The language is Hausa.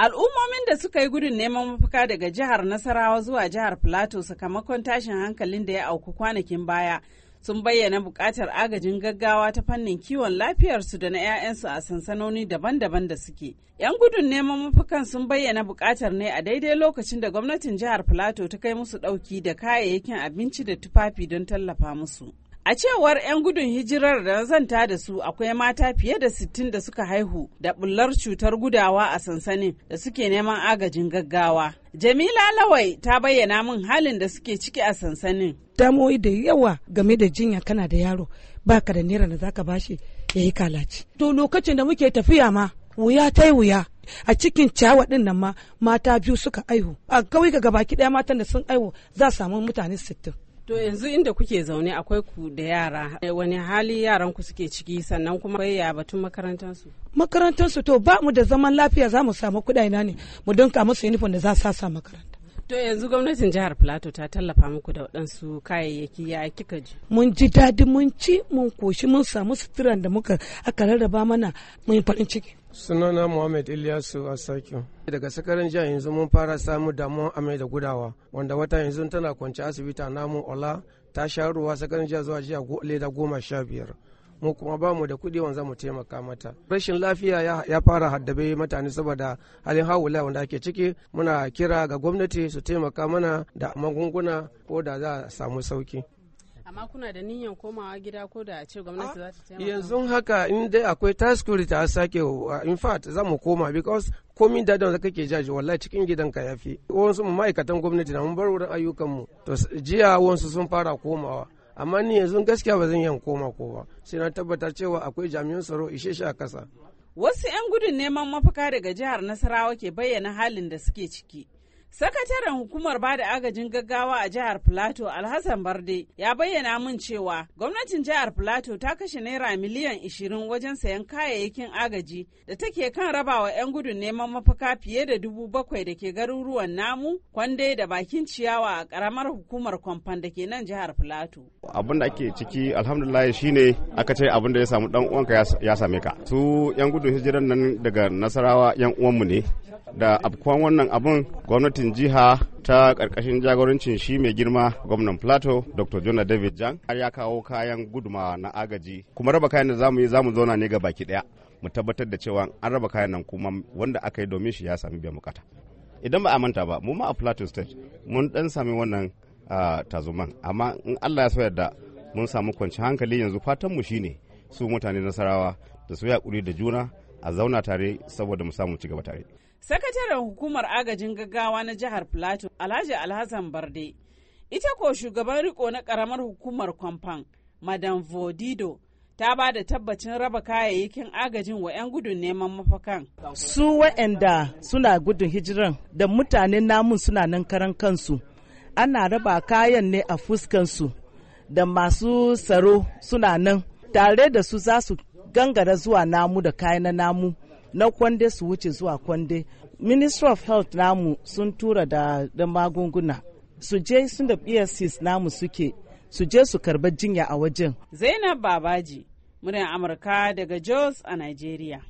Al'ummomin da suka yi gudun neman mafuka daga jihar Nasarawa zuwa jihar Filato sakamakon tashin hankalin da ya auku kwanakin baya sun bayyana buƙatar agajin gaggawa ta fannin kiwon lafiyarsu da na 'ya'yansu a sansanoni daban-daban da suke. 'Yan gudun neman mafukan sun bayyana buƙatar ne a daidai lokacin da gwamnatin jihar Filato ta kai musu ɗauki da kayayyakin abinci da tufafi don tallafa musu. A cewar 'yan gudun hijirar da zanta da su akwai mata fiye da sittin da suka haihu da bullar cutar gudawa a sansanin da suke neman agajin gaggawa. Jamila Lawai ta bayyana min halin da suke ciki a sansanin. Damoyi da yawa game da jinya kana da yaro baka da naira da zaka bashi ya yi kalaci. To lokacin da muke tafiya ma wuya ta yi wuya a cikin cawa din nan ma mata biyu suka aihu a kawai ga gabaki ɗaya matan da sun aihu za samu mutane sittin. To yanzu inda kuke zaune akwai ku da yara eh, wani hali yaran ku suke ciki sannan kuma bai ya batun makarantarsu. Makarantarsu to ba mu da zaman lafiya za mu samu kuɗa ina ne mu dinka musu uniform da za su sa makaranta. To yanzu gwamnatin jihar Plateau ta tallafa muku da waɗansu kayayyaki ya kika ji. Mun ji daɗi mun ci mun koshi mun samu suturan da muka aka rarraba mana mun farin ciki. Sunana Muhammad Ilyasu Asaki. Daga sakarin jiya yanzu mun fara samu damuwan amai da gudawa wanda wata yanzu tana kwanci asibiti a namun Ola ta sha ruwa sakarin jiya zuwa jiya leda goma sha biyar. mu kuma ba mu da kuɗi wanzan mu taimaka mata rashin lafiya ya fara haddabe mutane saboda halin hawula wanda ake ciki muna kira ga gwamnati su taimaka mana da magunguna ko da za a samu sauki amma kuna da niyyar komawa gida ko da a ce gwamnati za ta taimaka yanzu haka in dai akwai ta security a sake in fact za mu koma because komin da da kake jaji wallahi cikin gidan ya fi wasu ma'aikatan gwamnati na mun bar wurin mu to jiya wasu sun fara komawa amma ni yanzu gaskiya ba zan yan koma ko ba sai na tabbatar cewa akwai jami'an tsaro ishe shi a kasa wasu 'yan gudun neman mafaka daga jihar nasarawa ke bayyana halin da suke ciki Sakataren hukumar bada agajin gaggawa a jihar Filato Alhassan Barde ya bayyana min cewa gwamnatin jihar Filato ta kashe naira miliyan 20 wajen sayan kayayyakin agaji da take kan rabawa 'yan gudun neman mafaka fiye da dubu bakwai da ke garuruwan namu kwande da bakin ciyawa a karamar hukumar kwamfan da ke nan jihar Filato. Abin da ake ciki alhamdulillah shine aka ce abin da ya samu dan uwanka ya same ka. Su 'yan gudun hijiran nan daga Nasarawa 'yan uwanmu ne da afkuwan wannan abin gwamnatin gwamnatin jiha ta ƙarƙashin jagorancin shi mai girma gwamnan plateau dr jona david jan har ya kawo kayan guduma na agaji kuma raba kayan da zamu yi mu zauna ne ga baki ɗaya mu tabbatar da cewa an raba kayan nan kuma wanda aka yi domin shi ya sami biyan bukata idan ba a manta ba mu ma a plateau state mun dan sami wannan tazuman amma in allah ya so yadda mun samu kwanci hankali yanzu fatan mu shine su mutane nasarawa da su yaƙuri da juna a zauna tare saboda mu samu ci gaba tare Sakataren hukumar agajin gaggawa na jihar Plateau Alhaji Alhassan Barde, ita ko shugaban riko na karamar hukumar kwamfan Madam Vodido ta ba da tabbacin raba kayayyakin agajin wa 'yan gudun neman mafakan. Su wa'anda suna gudun hijiran da mutane namun suna nan karan kansu, ana raba kayan ne a fuskansu da masu tsaro suna nan tare da su za su gangara zuwa namu da kayan na namu. na kwande su wuce zuwa kwande ministry of health namu sun tura da, magunguna su je sun da pscs namu suke su je su karbar jinya a wajen zainab babaji muryar amurka daga jos a nigeria